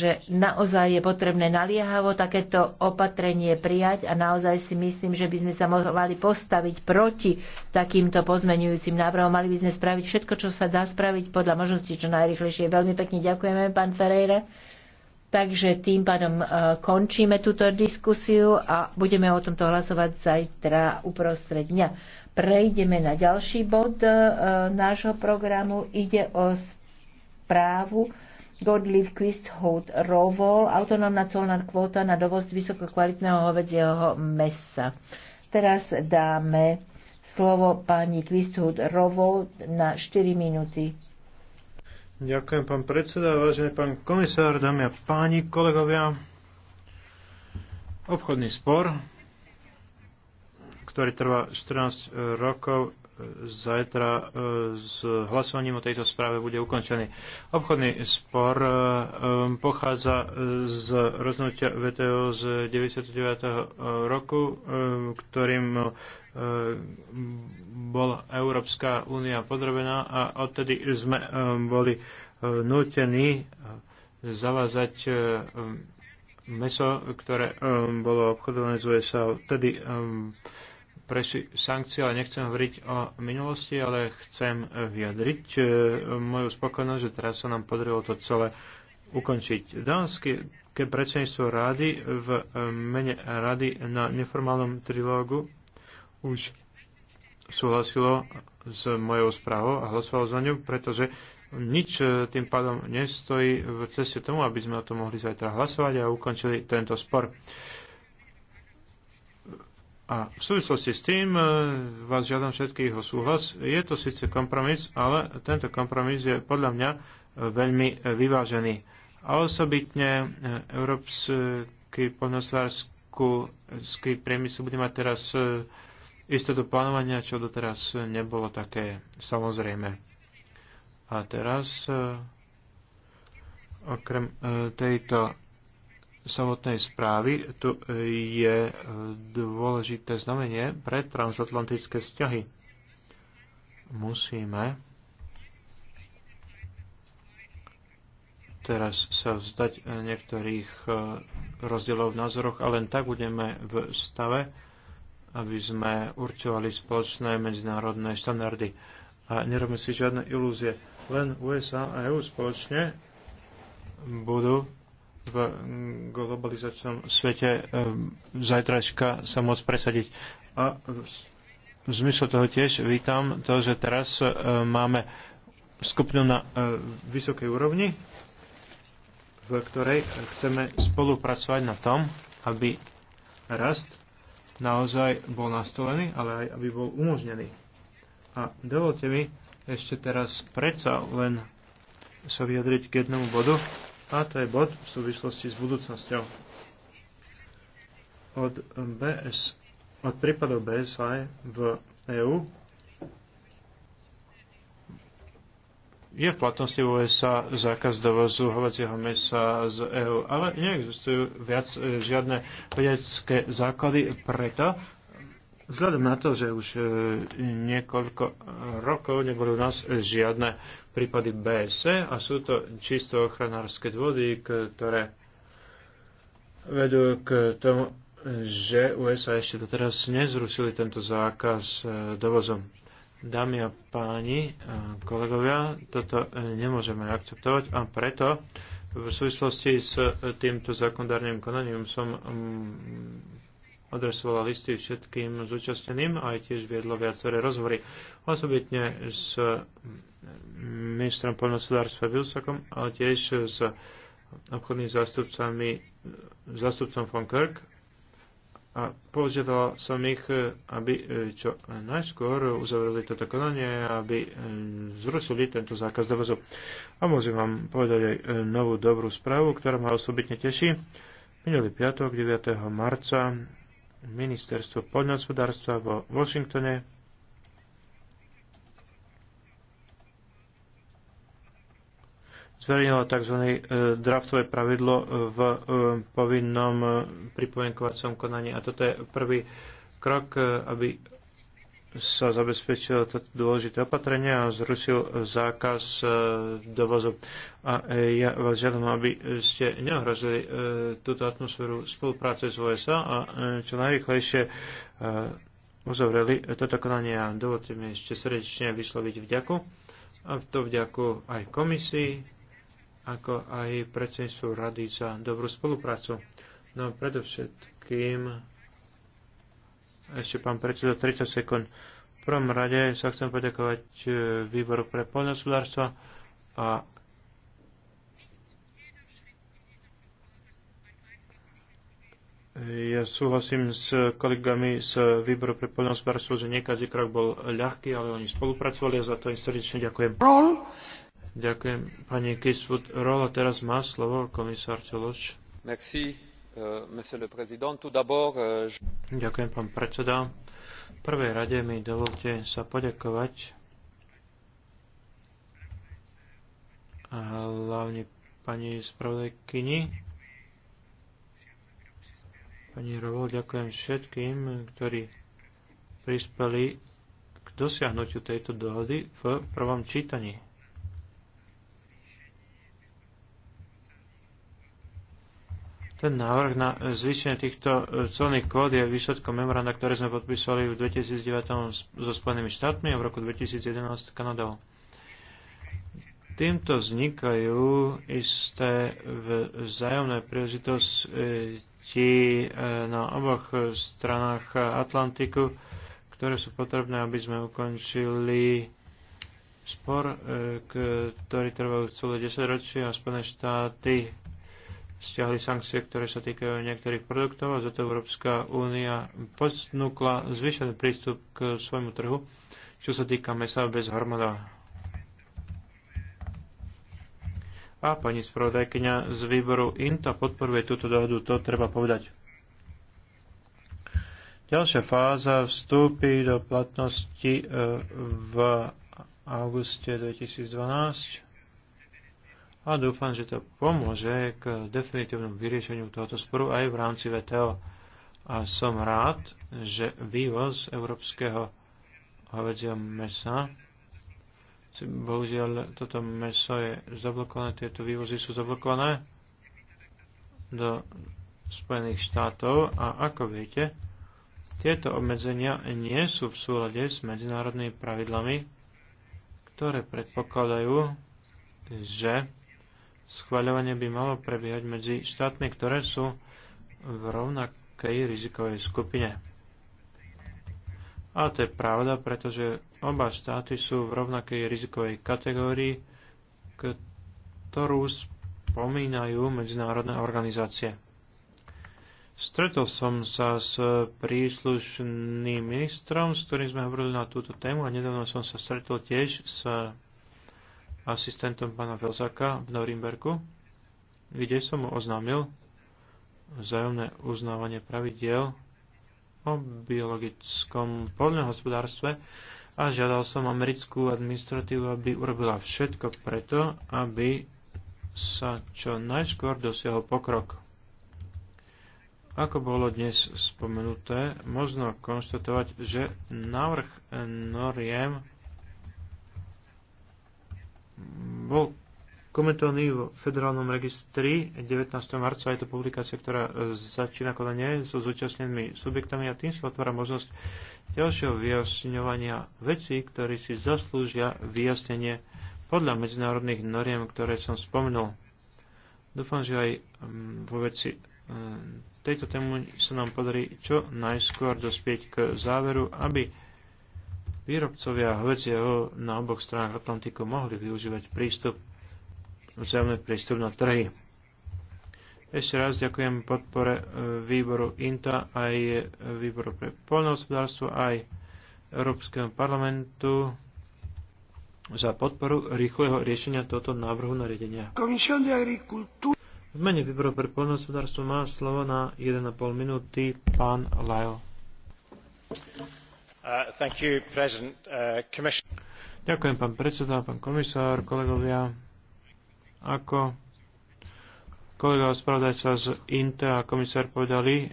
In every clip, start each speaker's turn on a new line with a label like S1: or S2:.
S1: že naozaj je potrebné naliehavo takéto opatrenie prijať a naozaj si myslím, že by sme sa mohli postaviť proti takýmto pozmenujúcim návrhom. Mali by sme spraviť všetko, čo sa dá spraviť podľa možností čo najrychlejšie. Veľmi pekne ďakujeme, pán Ferreira. Takže tým pádom e, končíme túto diskusiu a budeme o tomto hlasovať zajtra uprostred dňa. Prejdeme na ďalší bod e, e, nášho programu. Ide o správu Gottlieb Quisthout Rovol, autonómna colná kvóta na dovoz vysokokvalitného hovedzieho mesa. Teraz dáme slovo pani Quisthout Rovol na
S2: 4 minúty. Ďakujem, pán predseda, vážený pán komisár, dámy a páni, kolegovia. Obchodný spor, ktorý trvá 14 rokov, zajtra e, s hlasovaním o tejto správe bude ukončený. Obchodný spor e, e, pochádza z rozhodnutia VTO z 99. roku, ktorým bola Európska únia podrobená a odtedy sme boli nútení zavázať meso, ktoré bolo obchodované z USA. Vtedy preši- sankcie, ale nechcem hovoriť o minulosti, ale chcem vyjadriť e, moju spokojnosť, že teraz sa nám podarilo to celé ukončiť. Dánske predsedníctvo rády v mene rady na neformálnom trilógu už súhlasilo s mojou správou a hlasovalo za ňu, pretože nič e, tým pádom nestojí v ceste tomu, aby sme o tom mohli zajtra hlasovať a ukončili tento spor. A v súvislosti s tým e, vás žiadam všetkých o súhlas. Je to síce kompromis, ale tento kompromis je podľa mňa e, veľmi e, vyvážený. A osobitne európsky poľnohospodársky priemysel bude mať teraz istotu plánovania, čo doteraz nebolo také samozrejme. A teraz okrem tejto samotnej správy, tu e, je e, dôležité znamenie pre transatlantické vzťahy. Musíme teraz sa vzdať e, niektorých rozdielov v názoroch a len tak budeme v stave, aby sme určovali spoločné medzinárodné štandardy. A nerobme si žiadne ilúzie. Len USA a EU spoločne budú v globalizačnom svete e, zajtrajška sa môcť presadiť. A v zmysle toho tiež vítam to, že teraz e, máme skupinu na e, vysokej úrovni, v ktorej chceme spolupracovať na tom, aby rast naozaj bol nastolený, ale aj aby bol umožnený. A dovolte mi ešte teraz predsa len sa vyjadriť k jednomu bodu, a to je bod v súvislosti s budúcnosťou. Od, BS, od prípadov BSI v EÚ je v platnosti USA zákaz dovozu hovedzieho mesa z EÚ, ale neexistujú viac e, žiadne vedecké základy preto, Vzhľadom na to, že už e, niekoľko rokov neboli u nás žiadne prípady BSE a sú to čisto ochranárske dôvody, ktoré vedú k tomu, že USA ešte doteraz nezrušili tento zákaz e, dovozom. Dámy a páni, kolegovia, toto e, nemôžeme akceptovať a preto v súvislosti s týmto zákonodárnym konaním som adresovala listy všetkým zúčastneným a aj tiež viedlo viaceré rozhovory. Osobitne s ministrom poľnohospodárstva Vilsakom, ale tiež s obchodným zástupcami, zástupcom von Kirk a požiadala som ich, aby e, čo najskôr uzavreli toto konanie, aby e, zrušili tento zákaz dovozu. A môžem vám povedať aj e, novú dobrú správu, ktorá ma osobitne teší. Minulý piatok, 9. marca, ministerstvo poľnohospodárstva vo Washingtone. zverejnilo tzv. E, draftové pravidlo v e, povinnom e, pripomienkovacom konaní. A toto je prvý krok, aby sa zabezpečilo toto dôležité opatrenie a zrušil zákaz e, dovozu. A e, ja vás žiadam, aby ste neohrozili e, túto atmosféru spolupráce s USA a čo najrychlejšie uzavreli toto konanie. A dovolte mi ešte srdečne vysloviť vďaku. A to vďaku aj komisii, ako aj predsedníctvu rady za dobrú spoluprácu. No predovšetkým ešte pán predseda, 30 sekúnd. V prvom rade sa chcem poďakovať e, výboru pre poľnohospodárstvo a Ja súhlasím s kolegami z výboru pre poľnohospodárstvo, že nie každý krok bol ľahký, ale oni spolupracovali a za to im srdečne ďakujem. Rol. Ďakujem pani Kiswood. Rola teraz má slovo komisár Čološ.
S1: Merci. Euh, euh,
S2: ďakujem, pán predseda. V prvej rade mi dovolte sa poďakovať a hlavne pani spravodajkyni. Pani Rovo, ďakujem všetkým, ktorí prispeli k dosiahnutiu tejto dohody v prvom čítaní. Ten návrh na zvýšenie týchto e, colných kvót je výsledkom memoranda, ktoré sme podpísali v 2009 so Spojenými štátmi a v roku 2011 s Kanadou. Týmto vznikajú isté vzájomné príležitosti e, na oboch stranách Atlantiku, ktoré sú potrebné, aby sme ukončili spor, e, ktorý trvá už celé 10 ročí a Spojené štáty stiahli sankcie, ktoré sa týkajú niektorých produktov a za to Európska únia posnúkla zvyšený prístup k svojmu trhu, čo sa týka mesa bez hormónov. A pani spravodajkyňa z výboru INTA podporuje túto dohodu, to treba povedať. Ďalšia fáza vstúpi do platnosti e, v auguste 2012 a dúfam, že to pomôže k definitívnom vyriešeniu tohoto sporu aj v rámci VTO. A som rád, že vývoz európskeho hovedzieho mesa bohužiaľ toto meso je zablokované, tieto vývozy sú zablokované do Spojených štátov a ako viete, tieto obmedzenia nie sú v súlade s medzinárodnými pravidlami, ktoré predpokladajú, že schváľovanie by malo prebiehať medzi štátmi, ktoré sú v rovnakej rizikovej skupine. A to je pravda, pretože oba štáty sú v rovnakej rizikovej kategórii, ktorú spomínajú medzinárodné organizácie. Stretol som sa s príslušným ministrom, s ktorým sme hovorili na túto tému a nedávno som sa stretol tiež s asistentom pána Velzaka v Norimberku, kde som mu oznámil vzájomné uznávanie pravidiel o biologickom poľnohospodárstve a žiadal som americkú administratívu, aby urobila všetko preto, aby sa čo najskôr dosiahol pokrok. Ako bolo dnes spomenuté, možno konštatovať, že návrh noriem bol komentovaný v federálnom registri 19. marca. Je to publikácia, ktorá e, začína konanie so zúčastnenými subjektami a tým sa otvára možnosť ďalšieho vyjasňovania vecí, ktorí si zaslúžia vyjasnenie podľa medzinárodných noriem, ktoré som spomenul. Dúfam, že aj mm, vo veci e, tejto tému sa nám podarí čo najskôr dospieť k záveru, aby výrobcovia hovedzieho na oboch stranách Atlantiku mohli využívať prístup, vzájomný prístup na trhy. Ešte raz ďakujem podpore e, výboru INTA aj výboru pre poľnohospodárstvo aj Európskeho parlamentu za podporu rýchleho riešenia tohto návrhu nariadenia. V mene výboru pre poľnohospodárstvo má slovo na 1,5 minúty pán Lajo. Uh, uh, Ďakujem, pán predseda, pán komisár, kolegovia. Ako kolega spravodajca z INTA a komisár povedali,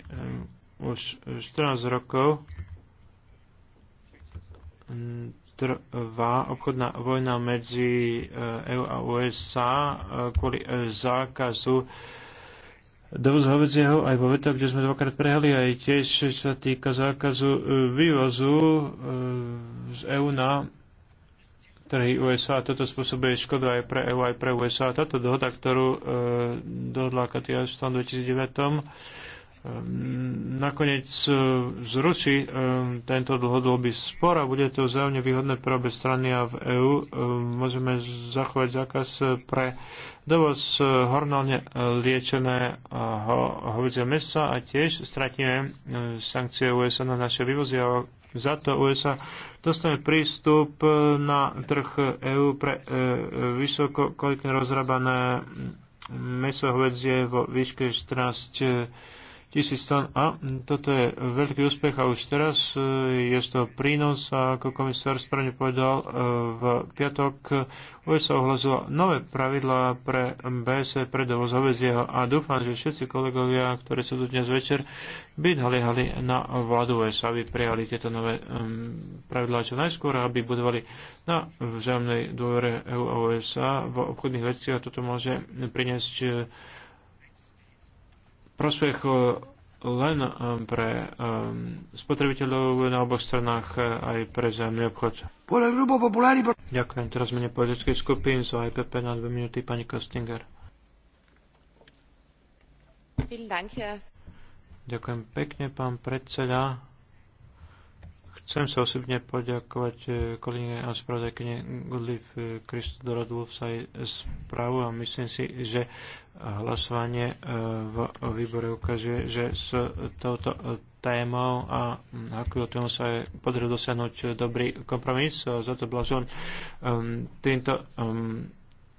S2: um, už 14 rokov trvá obchodná vojna medzi uh, EU a USA kvôli zákazu dovoz hovedzieho aj vo vetoch, kde sme dvakrát prehali, aj tiež čo sa týka zákazu e, vývozu e, z EÚ na trhy USA. Toto spôsobuje škodu aj pre EU, aj pre USA. Táto dohoda, ktorú e, dohodla Katia v 2009, e, nakoniec zruší tento dlhodobý spor a bude to zájomne výhodné pre obe strany a v EÚ môžeme zachovať zákaz pre dovoz e, hornálne e, liečené e, hovedzie mesa a tiež stratíme sankcie USA na naše vývozy a za to USA dostane prístup na trh EÚ pre vysoko kvalitne rozrabané meso hovedzie vo výške 14 tisíc tón. A toto je veľký úspech a už teraz e, je to prínos a ako komisár správne povedal, e, v piatok USA ohlasilo nové pravidlá pre BS pre dovoz obezieho a dúfam, že všetci kolegovia, ktorí sú tu dnes večer, by naliehali na vládu USA, aby prijali tieto nové pravidlá čo najskôr, aby budovali na vzájomnej dôvere EU a USA v obchodných veciach. Toto môže priniesť e, prospech eh, len eh, pre eh, spotrebiteľov na oboch stranách aj pre zemný obchod. Ďakujem. Teraz menej politických skupín z IPP na dve minúty pani Kostinger. Ďakujem pekne, pán predseda. Chcem sa osobne poďakovať e, kolíne a spravodajkyne Kristo e, Kristodorodu sa aj správu a myslím si, že hlasovanie e, v výbore ukazuje, že s touto témou a ako tému sa je podarilo dosiahnuť dobrý kompromis. Za to blažujem. Týmto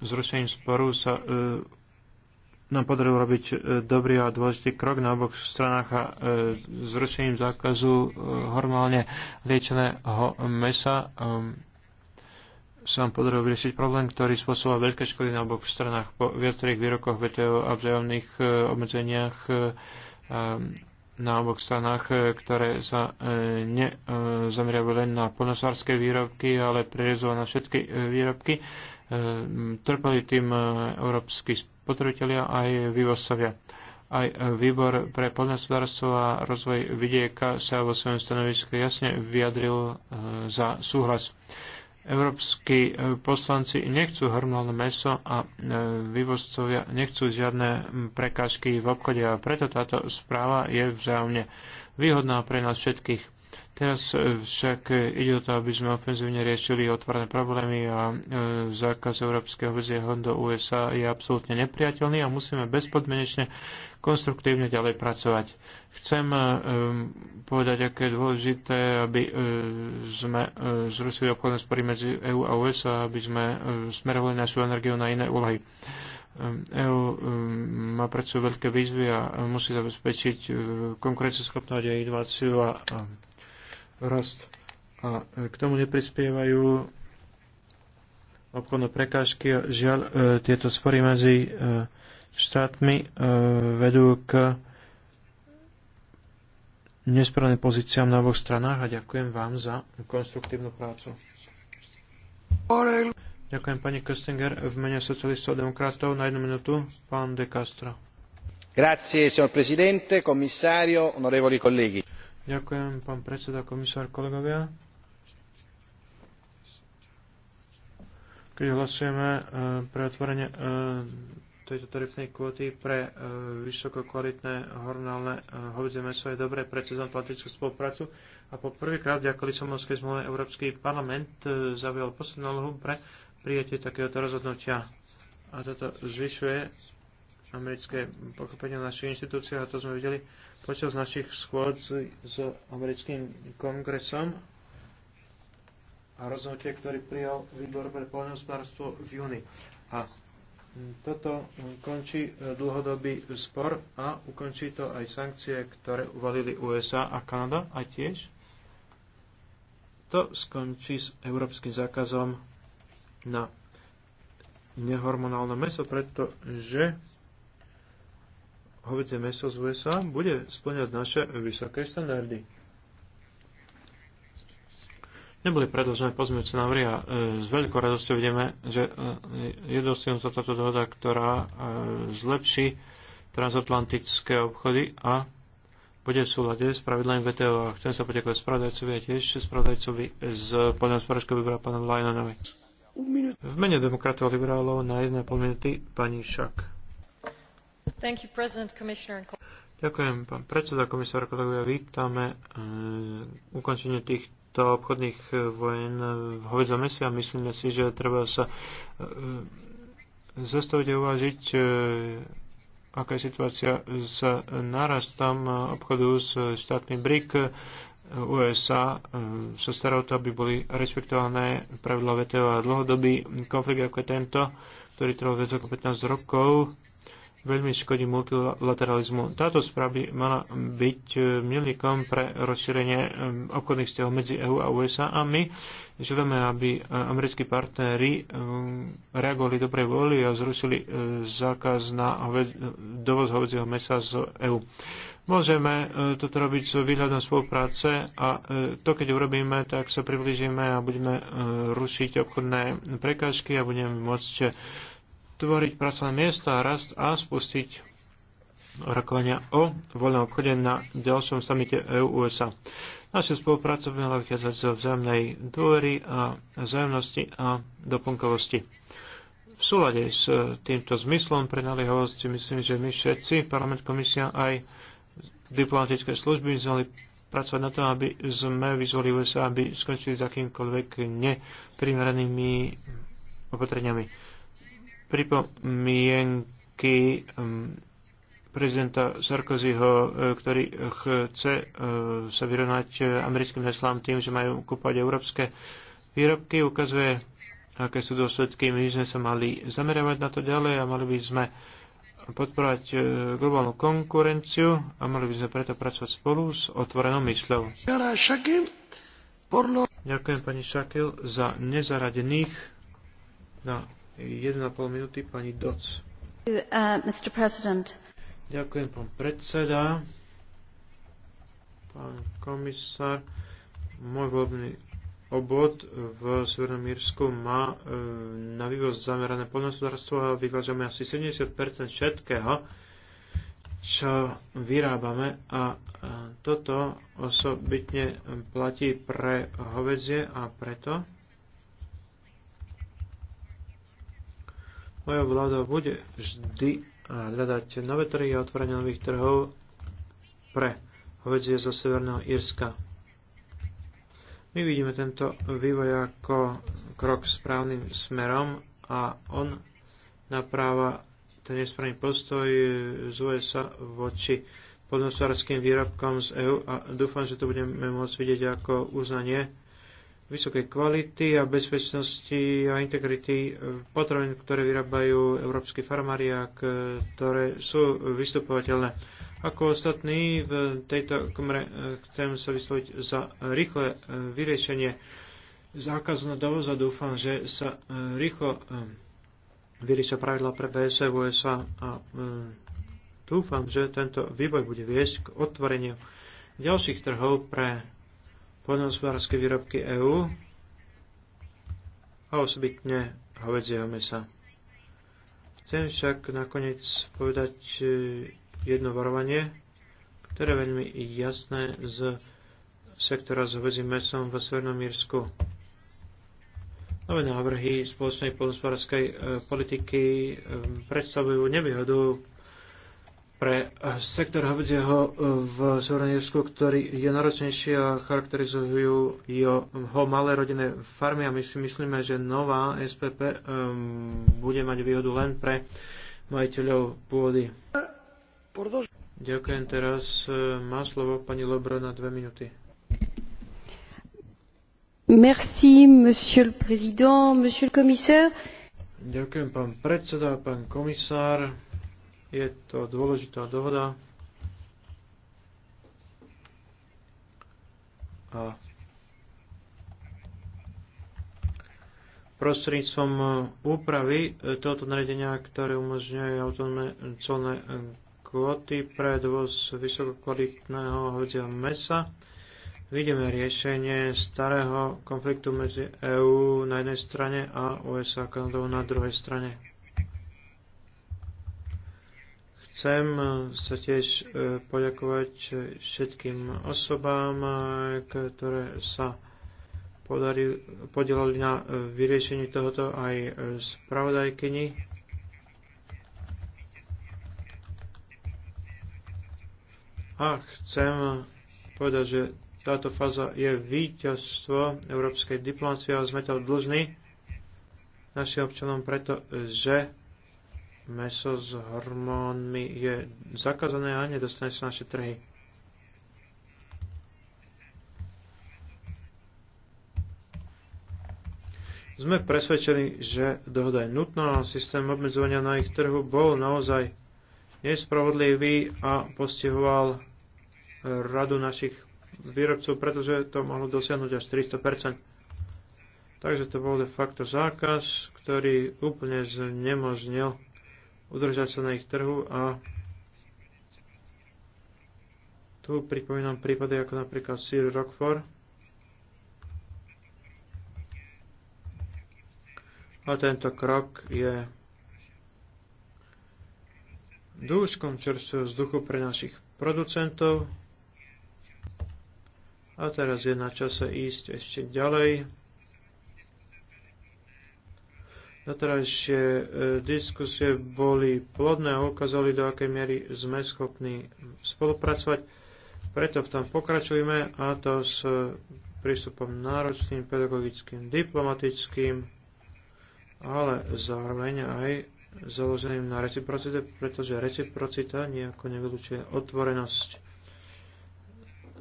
S2: zrušením sporu sa nám podarilo robiť e, dobrý a dôležitý krok na oboch stranách a zrušením e, zákazu e, hormálne liečeného mesa ehm, sa nám podarilo vyriešiť problém, ktorý spôsoboval veľké škody na oboch stranách po viacerých výrokoch VTO a vzájomných obmedzeniach ehm, na oboch stranách, ktoré sa nezameriavajú len na ponosárske výrobky, ale prerezovali na všetky výrobky. Trpali tým európsky spotrebitelia aj vývozcovia. Aj výbor pre podnospodárstvo a rozvoj vidieka sa vo svojom stanovisku jasne vyjadril e, za súhlas. Európsky e, poslanci nechcú hormonálne meso a e, vývozcovia nechcú žiadne prekážky v obchode a preto táto správa je vzájomne výhodná pre nás všetkých Teraz e, však e, ide o to, aby sme ofenzívne riešili otvorené problémy a e, zákaz európskeho väzieho do USA je absolútne nepriateľný a musíme bezpodmenečne konstruktívne ďalej pracovať. Chcem povedať, aké je dôležité, aby sme zrušili obchodné spory medzi EU a USA, aby sme smerovali našu energiu na iné úlohy. EU má pred veľké výzvy a musí zabezpečiť konkurenceschopnosť a inováciu a rast. A e, k tomu neprispievajú obchodné prekážky žiaľ e, tieto spory medzi e, štátmi vedú k nesprávnym pozíciám na oboch stranách a ďakujem vám za konstruktívnu prácu. Ďakujem pani Köstinger v mene socialistov a demokratov na jednu minútu pán De Castro. Grazie signor Presidente, commissario, onorevoli colleghi Ďakujem, pán predseda, komisár, kolegovia. Keď hlasujeme e, pre otvorenie e, tejto tarifnej kvóty pre e, vysokokvalitné hornálne hovedzie meso je dobré pre transatlantickú spoluprácu. A po prvýkrát ďakujem Lisabonskej zmluve Európsky parlament zavial poslednú lohu pre prijatie takéhoto rozhodnutia. A toto zvyšuje americké pochopenie našich inštitúcií a to sme videli počas našich schôd s, s americkým kongresom a rozhodnutie, ktorý prijal výbor pre poľnohospodárstvo v júni. A toto končí dlhodobý spor a ukončí to aj sankcie, ktoré uvalili USA a Kanada a tiež to skončí s európskym zákazom na nehormonálne meso, pretože hovedzie meso z USA bude splňať naše vysoké štandardy. Neboli predložené pozmeňujúce návrhy a e, s veľkou radosťou vidíme, že e, je dosiahnutá táto dohoda, ktorá e, zlepší transatlantické obchody a bude v súlade s pravidlami VTO. A chcem sa poďakovať spravodajcovi a tiež spravodajcovi z poľnohospodárskeho výbora pánom Lajnanovi. V mene demokratov a liberálov na 1,5 minúty pani Šak. Ďakujem, pán predseda, komisár, kolegovia. Vítame eh, ukončenie týchto obchodných eh, vojen v hovedzom mesi a myslíme si, že treba sa eh, zastaviť a uvážiť, aká je situácia s narastom obchodu s štátmi BRIC. USA sa stará o to, aby boli rešpektované pravidla VTO a dlhodobý konflikt ako je tento, ktorý trval viac ako 15 rokov, veľmi škodí multilateralizmu. Táto správa by mala byť e, milíkom pre rozšírenie e, obchodných vzťahov medzi EÚ a USA a my želáme, aby e, americkí partnery reagovali dobrej vôli a zrušili zákaz na dovoz hovedzieho mesa z EÚ. Môžeme toto robiť s výhľadom spolupráce a to, keď urobíme, tak sa priblížime a budeme rušiť obchodné prekážky a budeme môcť tvoriť pracovné miesta, rast a spustiť rokovania o voľnom obchode na ďalšom samite EU-USA. Naša spolupráce by mala vychádzať zo vzájomnej dôvery a vzájomnosti a doplnkovosti. V súlade s týmto zmyslom pre naliehavosť myslím, že my všetci, parlament, komisia aj diplomatické služby by mali pracovať na tom, aby sme vyzvali USA, aby skončili s akýmkoľvek neprimeranými opatreniami pripomienky um, prezidenta Sarkozyho, e, ktorý chce e, sa vyrovnať e, americkým heslám tým, že majú kúpať európske výrobky, ukazuje, aké sú dôsledky. My sme sa mali zameriavať na to ďalej a mali by sme podporovať globálnu konkurenciu a mali by sme preto pracovať spolu s otvorenou mysľou. Ďakujem pani Šakil za nezaradených. na 1,5 minúty pani Doc.
S1: Uh,
S2: Ďakujem, pán predseda, pán komisár. Môj voľbný obvod v Severnom Írsku má e, na vývoz zamerané poľnohospodárstvo a vyvážame asi 70 všetkého, čo vyrábame a toto osobitne platí pre hovedzie a preto Moja vláda bude vždy hľadať nové trhy a otvorenie nových trhov pre hovedzie zo Severného Írska. My vidíme tento vývoj ako krok správnym smerom a on napráva ten nesprávny postoj z USA voči podnosvárským výrobkom z EU a dúfam, že to budeme môcť vidieť ako uznanie vysokej kvality a bezpečnosti a integrity potravín, ktoré vyrábajú európsky farmári a ktoré sú vystupovateľné. Ako ostatní v tejto komore eh, chcem sa vysloviť za rýchle eh, vyriešenie zákazu na dovoz a dúfam, že sa eh, rýchlo vyriešia pravidla pre BSE v USA a dúfam, že tento vývoj bude viesť k otvoreniu ďalších trhov pre poľnohospodárske výrobky EÚ a osobitne hovedzieho mesa. Chcem však nakoniec povedať e, jedno varovanie, ktoré je veľmi jasné z sektora s hovedzím mesom v Severnom Mírsku. Nové návrhy spoločnej poľnohospodárskej e, politiky e, predstavujú nevýhodu pre eh, sektor hovedzieho eh, v Severnejsku, ktorý je náročnejší a charakterizujú ho malé rodinné farmy a my si myslíme, že nová SPP um, eh, bude mať výhodu len pre majiteľov pôdy. Ďakujem teraz. Má slovo pani Lobro na dve minúty. Merci, monsieur le président, monsieur le commissaire. Ďakujem, pán predseda, pán komisár je to dôležitá dohoda a prostredníctvom úpravy tohoto nariadenia, ktoré umožňuje autonómne colné kvóty pre dovoz vysokokvalitného hovedzieho mesa. Vidíme riešenie starého konfliktu medzi EÚ na jednej strane a USA a Kanadou na druhej strane. Chcem e, sa tiež e, poďakovať všetkým osobám, e, ktoré sa podielali na vyriešení tohoto aj spravodajkyni. A chcem povedať, že táto fáza je víťazstvo európskej diplomácie a sme to dlžní našim občanom, pretože meso s hormónmi je zakázané a nedostane sa naše trhy. Sme presvedčení, že dohoda je nutná a systém obmedzovania na ich trhu bol naozaj nespravodlivý a postihoval radu našich výrobcov, pretože to mohlo dosiahnuť až 400 Takže to bol de facto zákaz, ktorý úplne znemožnil udržať sa na ich trhu a tu pripomínam prípady ako napríklad Sir Rockford. A tento krok je dúškom čerstvého vzduchu pre našich producentov. A teraz je na čase ísť ešte ďalej. Doterajšie e, diskusie boli plodné a ukázali, do akej miery sme schopní spolupracovať. Preto v tom pokračujeme a to s prístupom náročným, pedagogickým, diplomatickým, ale zároveň aj založeným na reciprocite, pretože reciprocita nejako nevylučuje otvorenosť.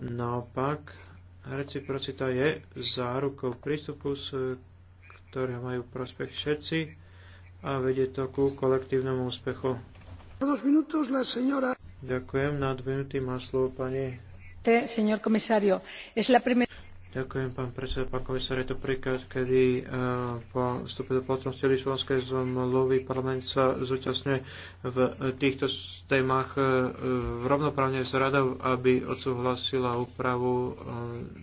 S2: Naopak, reciprocita je zárukou prístupu, s ktorého majú prospech všetci a vedie to ku kolektívnemu úspechu. Ďakujem. Na dve minúty má slovo pani.
S1: Te, señor comisario, es la primera...
S2: Ďakujem, pán predseda, pán komisár. Je to príklad, kedy eh, po vstupe do platnosti Lisbonskej zmluvy parlament sa zúčastňuje v týchto témach eh, rovnoprávne s radou, aby odsúhlasila úpravu eh,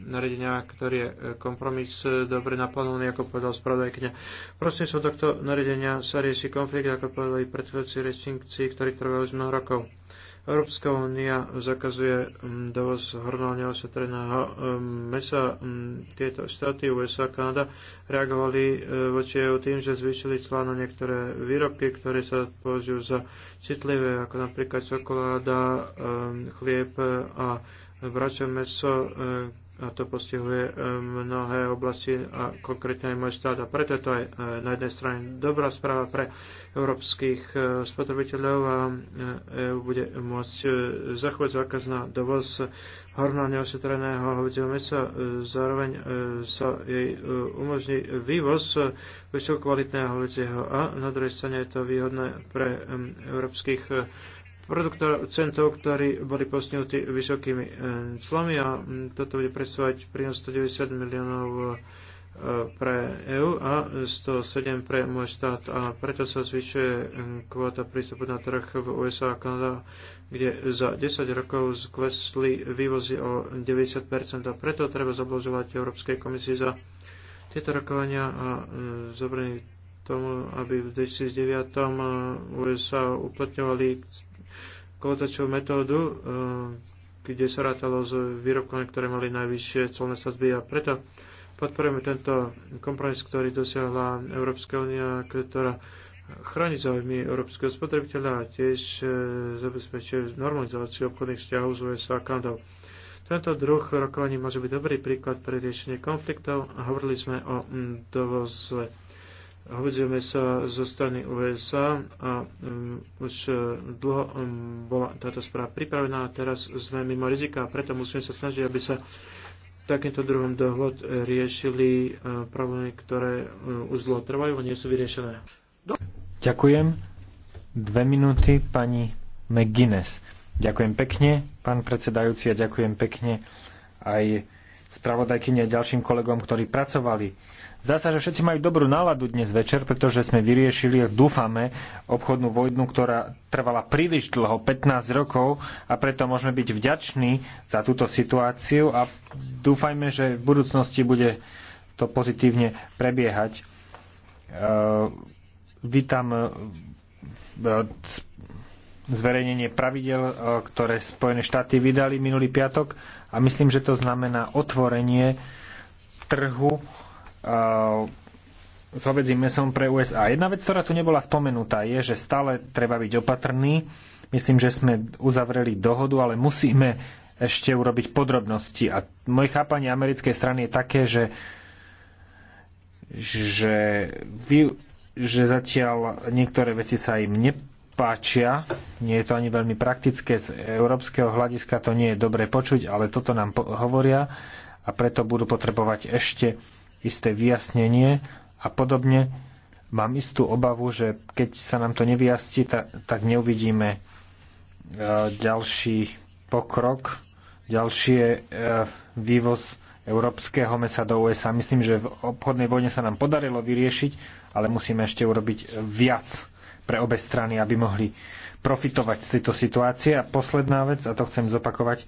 S2: naredenia, ktorý je kompromis dobre naplnený, ako povedal spravodajkňa. Prosím sa tohto naredenia sa rieši konflikt, ako povedali predchádzajúci rečníci, ktorý trvá už mnoho rokov. Európska únia zakazuje mm, dovoz hormálne ošetreného mm, mesa. Mm, tieto štáty USA a Kanada reagovali e, voči EU tým, že zvýšili clá na niektoré výrobky, ktoré sa považujú za citlivé, ako napríklad čokoláda, e, chlieb e, a bračo meso, a to postihuje eh, mnohé oblasti a konkrétne aj môj štát. A preto to je eh, na jednej strane dobrá správa pre európskych eh, spotrebiteľov a EU e bude môcť zachovať zákaz na dovoz horno neosvetreného hovedzieho mesa. Zároveň sa jej umožní vývoz vysokokvalitného hovedzieho a na druhej strane je to výhodné pre európskych produktov, centov, ktorí boli postihnutí vysokými eh, clami a mm, toto bude predstavovať prínos 190 miliónov eh, pre EU a 107 pre môj štát a preto sa zvyšuje mm, kvota prístupu na trh v USA a Kanada, kde za 10 rokov sklesli vývozy o 90% a preto treba zablažovať Európskej komisii za tieto rokovania a mm, zobrení tomu, aby v 2009 eh, USA uplatňovali kohotačovú metódu, eh, kde sa rátalo s výrobkami, ktoré mali najvyššie colné sazby a preto podporujeme tento kompromis, ktorý dosiahla Európska únia, ktorá chrániť záujmy európskeho spotrebiteľa a tiež eh, zabezpečuje normalizáciu obchodných vzťahov z USA a Kandov. Tento druh rokovaní môže byť dobrý príklad pre riešenie konfliktov a hovorili sme o mm, dovoze Hovodzíme sa zo strany USA a um, už e, dlho um, bola táto správa pripravená a teraz sme mimo rizika a preto musíme sa snažiť, aby sa takýmto druhom dohod riešili uh, problémy, ktoré uh, už dlho trvajú a nie sú vyriešené.
S1: Ďakujem. Dve minúty pani McGuinness. Ďakujem pekne, pán predsedajúci, a ďakujem pekne aj spravodajkyni a ďalším kolegom, ktorí pracovali Zdá sa, že všetci majú dobrú náladu dnes večer, pretože sme vyriešili, dúfame, obchodnú vojnu, ktorá trvala príliš dlho, 15 rokov a preto môžeme byť vďační za túto situáciu a dúfajme, že v budúcnosti bude to pozitívne prebiehať. Uh, vítam uh, zverejnenie pravidel, e, ktoré Spojené štáty vydali minulý piatok a myslím, že to znamená otvorenie trhu s hovedzím mesom pre USA. Jedna vec, ktorá tu nebola spomenutá, je, že stále treba byť opatrný. Myslím, že sme uzavreli dohodu, ale musíme ešte urobiť podrobnosti. A moje chápanie americkej strany je také, že, že, vy, že zatiaľ niektoré veci sa im nepáčia. Nie je to ani veľmi praktické. Z európskeho hľadiska to nie je dobre počuť, ale toto nám hovoria a preto budú potrebovať ešte isté vyjasnenie a podobne. Mám istú obavu, že keď sa nám to nevyjasní, tak, neuvidíme e, ďalší pokrok, ďalšie vývoz európskeho mesa do USA. Myslím, že v obchodnej vojne sa nám podarilo vyriešiť, ale musíme ešte urobiť viac pre obe strany, aby mohli profitovať z tejto situácie. A posledná vec, a to chcem zopakovať,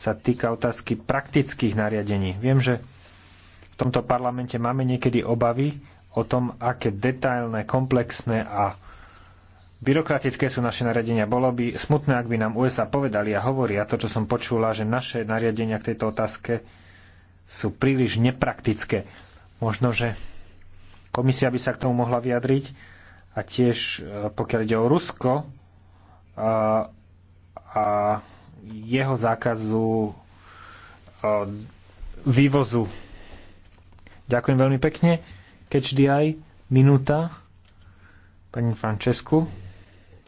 S1: sa týka otázky praktických nariadení. Viem, že tomto parlamente máme niekedy obavy o tom, aké detailné, komplexné a byrokratické sú naše nariadenia. Bolo by smutné, ak by nám USA povedali a hovoria to, čo som počula, že naše nariadenia k tejto otázke sú príliš nepraktické. Možno, že komisia by sa k tomu mohla vyjadriť a tiež e, pokiaľ ide o Rusko a, e, a jeho zákazu e, vývozu Ďakujem veľmi pekne. Catch the eye, minúta. Pani Francescu.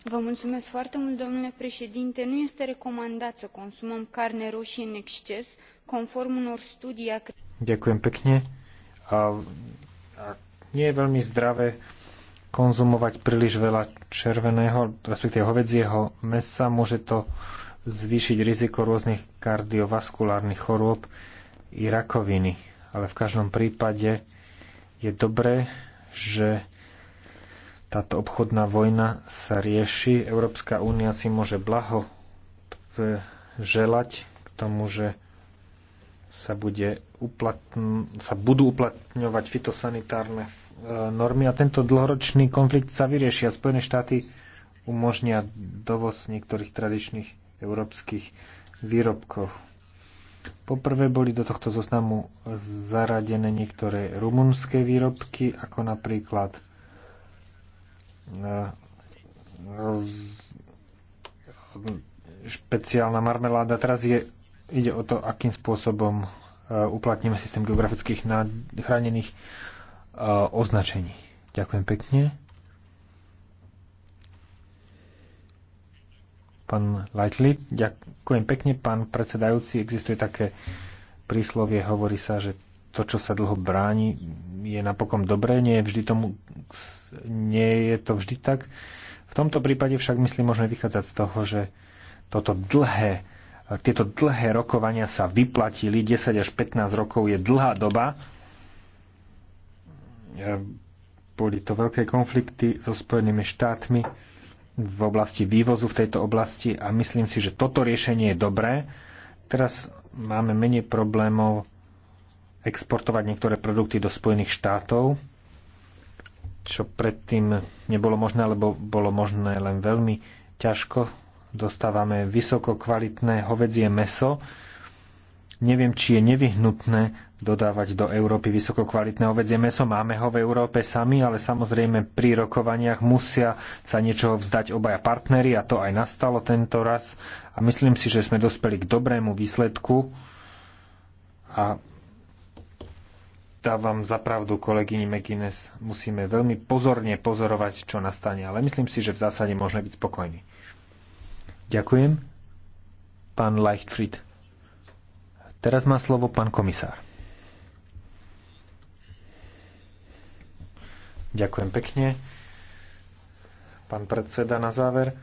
S1: Vă mulțumesc foarte mult, domnule președinte. Nu este recomandat să consumăm carne roșie în exces, conform unor studii a... Ďakujem pekne. A, a nie je veľmi zdravé konzumovať príliš veľa červeného, respektíve hovedzieho mesa. Môže to zvýšiť riziko rôznych kardiovaskulárnych chorôb i rakoviny ale v každom prípade je dobré, že táto obchodná vojna sa rieši. Európska únia si môže blaho želať k tomu, že sa, bude uplatn- sa budú uplatňovať fitosanitárne e, normy a tento dlhoročný konflikt sa a Spojené štáty umožnia dovoz niektorých tradičných európskych výrobkov. Poprvé boli do tohto zoznamu zaradené niektoré rumunské výrobky, ako napríklad eh, špeciálna marmeláda. Teraz je, ide o to, akým spôsobom eh, uplatníme systém geografických chránených eh, označení. Ďakujem pekne. Pán Lightly, ďakujem pekne. Pán predsedajúci, existuje také príslovie, hovorí sa, že to, čo sa dlho bráni, je napokon dobré, nie je, vždy tomu, nie je to vždy tak. V tomto prípade však myslím môžeme vychádzať z toho, že toto dlhé, tieto dlhé rokovania sa vyplatili, 10 až 15 rokov je dlhá doba. Boli to veľké konflikty so Spojenými štátmi v oblasti vývozu v tejto oblasti a myslím si, že toto riešenie je dobré. Teraz máme menej problémov exportovať niektoré produkty do Spojených štátov, čo predtým nebolo možné, lebo bolo možné len veľmi ťažko. Dostávame vysoko kvalitné hovedzie meso, Neviem, či je nevyhnutné dodávať do Európy vysokokvalitné ovedzie meso. Máme ho v Európe sami, ale samozrejme pri rokovaniach musia sa niečoho vzdať obaja partnery a to aj nastalo tento raz. A myslím si, že sme dospeli k dobrému výsledku a dávam za pravdu kolegyni McGuinness, musíme veľmi pozorne pozorovať, čo nastane, ale myslím si, že v zásade môžeme byť spokojní. Ďakujem. Pán Leichtfried. Teraz má slovo pán komisár. Ďakujem pekne. Pán predseda, na záver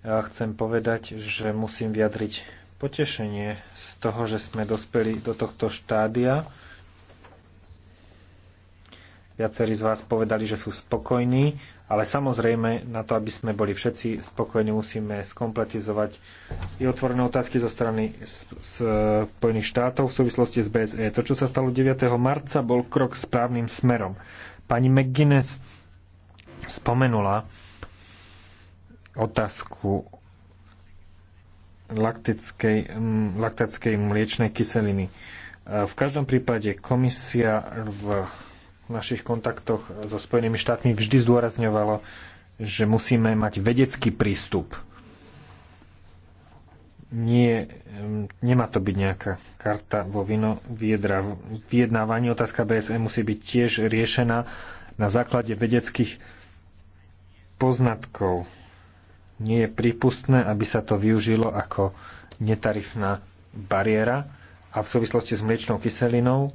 S1: ja chcem povedať, že musím vyjadriť potešenie z toho, že sme dospeli do tohto štádia. Viacerí z vás povedali, že sú spokojní, ale samozrejme na to, aby sme boli všetci spokojní, musíme skompletizovať i otvorené otázky zo strany Spojených štátov v súvislosti s BSE. To, čo sa stalo 9. marca, bol krok správnym smerom. Pani McGuinness spomenula otázku laktickej, laktickej mliečnej kyseliny. E, v každom prípade komisia v našich kontaktoch so Spojenými štátmi vždy zdôrazňovalo, že musíme mať vedecký prístup. Nie, nemá to byť nejaká karta vo vino viedra. Vyjednávanie otázka BSE musí byť tiež riešená na základe vedeckých poznatkov. Nie je prípustné, aby sa to využilo ako netarifná bariéra a v súvislosti s mliečnou kyselinou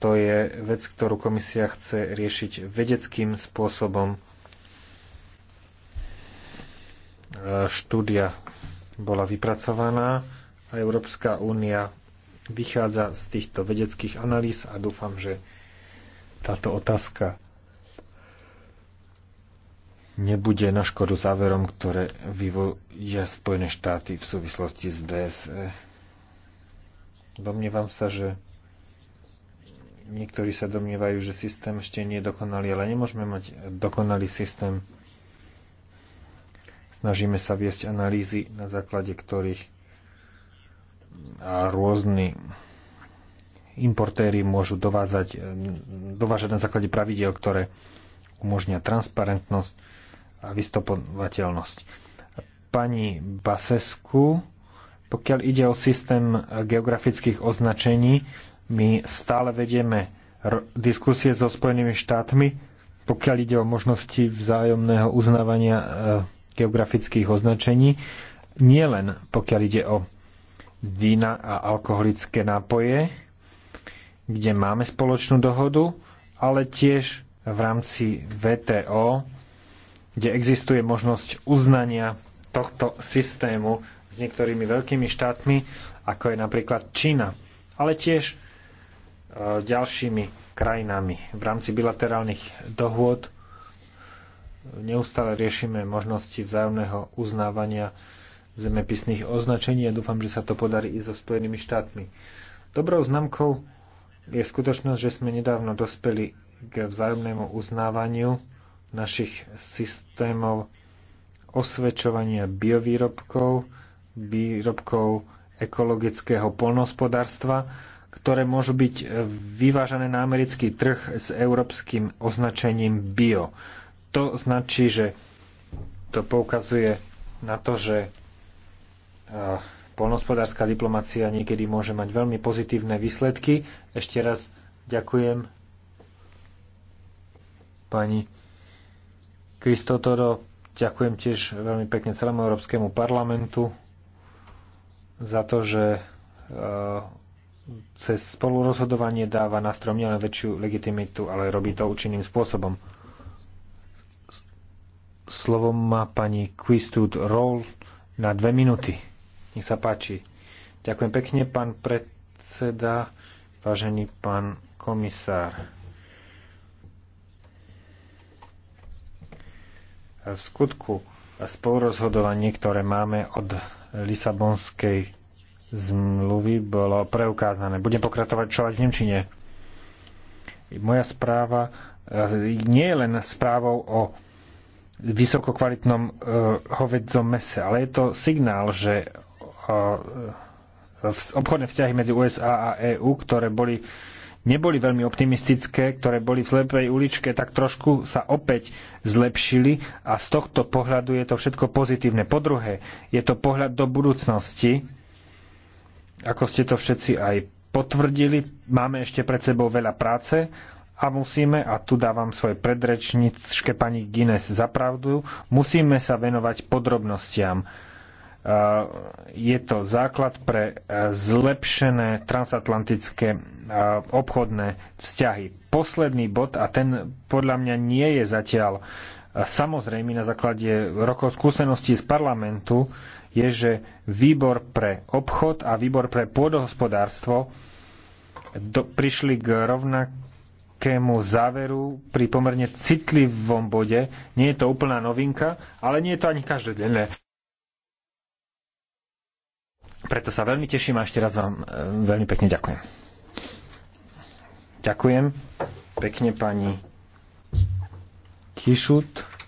S1: to je vec, ktorú komisia chce riešiť vedeckým spôsobom. Štúdia bola vypracovaná a Európska únia vychádza z týchto vedeckých analýz a dúfam, že táto otázka nebude na škodu záverom, ktoré vyvoja Spojené štáty v súvislosti s BSE. Domnievam sa, že Niektorí sa domnievajú, že systém ešte nie je dokonalý, ale nemôžeme mať dokonalý systém. Snažíme sa viesť analýzy, na základe ktorých a rôzni importéry môžu dovázať, dovážať na základe pravidel, ktoré umožnia transparentnosť a vystopovateľnosť. Pani Basesku, pokiaľ ide o systém geografických označení, my stále vedieme diskusie so Spojenými štátmi, pokiaľ ide o možnosti vzájomného uznávania e, geografických označení, len pokiaľ ide o vína a alkoholické nápoje, kde máme spoločnú dohodu, ale tiež v rámci VTO, kde existuje možnosť uznania tohto systému s niektorými veľkými štátmi, ako je napríklad Čína, ale tiež E, ďalšími krajinami. V rámci bilaterálnych dohôd neustále riešime možnosti vzájomného uznávania zemepisných označení a dúfam, že sa to podarí i so Spojenými štátmi. Dobrou známkou je skutočnosť, že sme nedávno dospeli k vzájomnému uznávaniu našich systémov osvedčovania biovýrobkov, výrobkov ekologického polnohospodárstva ktoré môžu byť e, vyvážané na americký trh s európskym označením bio. To značí, že to poukazuje na to, že e, polnospodárska diplomacia niekedy môže mať veľmi pozitívne výsledky. Ešte raz ďakujem pani Kristotoro. Ďakujem tiež veľmi pekne celému Európskemu parlamentu za to, že e, cez spolurozhodovanie dáva na strom nielen väčšiu legitimitu, ale robí to účinným spôsobom. Slovo má pani Quistud Roll na dve minúty. Nech sa páči. Ďakujem pekne, pán predseda, vážený pán komisár. V skutku spolurozhodovanie, ktoré máme od Lisabonskej zmluvy bolo preukázané. Budem pokračovať v Nemčine. Moja správa eh, nie je len správou o vysokokvalitnom uh, hovedzom mese, ale je to signál, že uh, obchodné vzťahy medzi USA a EÚ, ktoré boli, neboli veľmi optimistické, ktoré boli v slepej uličke, tak trošku sa opäť zlepšili a z tohto pohľadu je to všetko pozitívne. Po druhé, je to pohľad do budúcnosti, ako ste to všetci aj potvrdili, máme ešte pred sebou veľa práce a musíme, a tu dávam svoje predrečničke pani Guinness za pravdu, musíme sa venovať podrobnostiam e, je to základ pre e, zlepšené transatlantické e, obchodné vzťahy. Posledný bod, a ten podľa mňa nie je zatiaľ samozrejme na základe rokov skúseností z parlamentu, je, že výbor pre obchod a výbor pre pôdohospodárstvo do, prišli k rovnakému záveru pri pomerne citlivom bode. Nie je to úplná novinka, ale nie je to ani každodenné. Preto sa veľmi teším a ešte raz vám e, veľmi pekne ďakujem. Ďakujem pekne pani Kišut.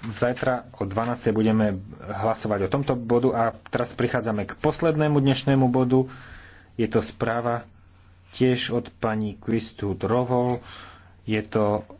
S1: Zajtra o 12. budeme hlasovať o tomto bodu a teraz prichádzame k poslednému dnešnému bodu. Je to správa tiež od pani Kristu Drovol. Je to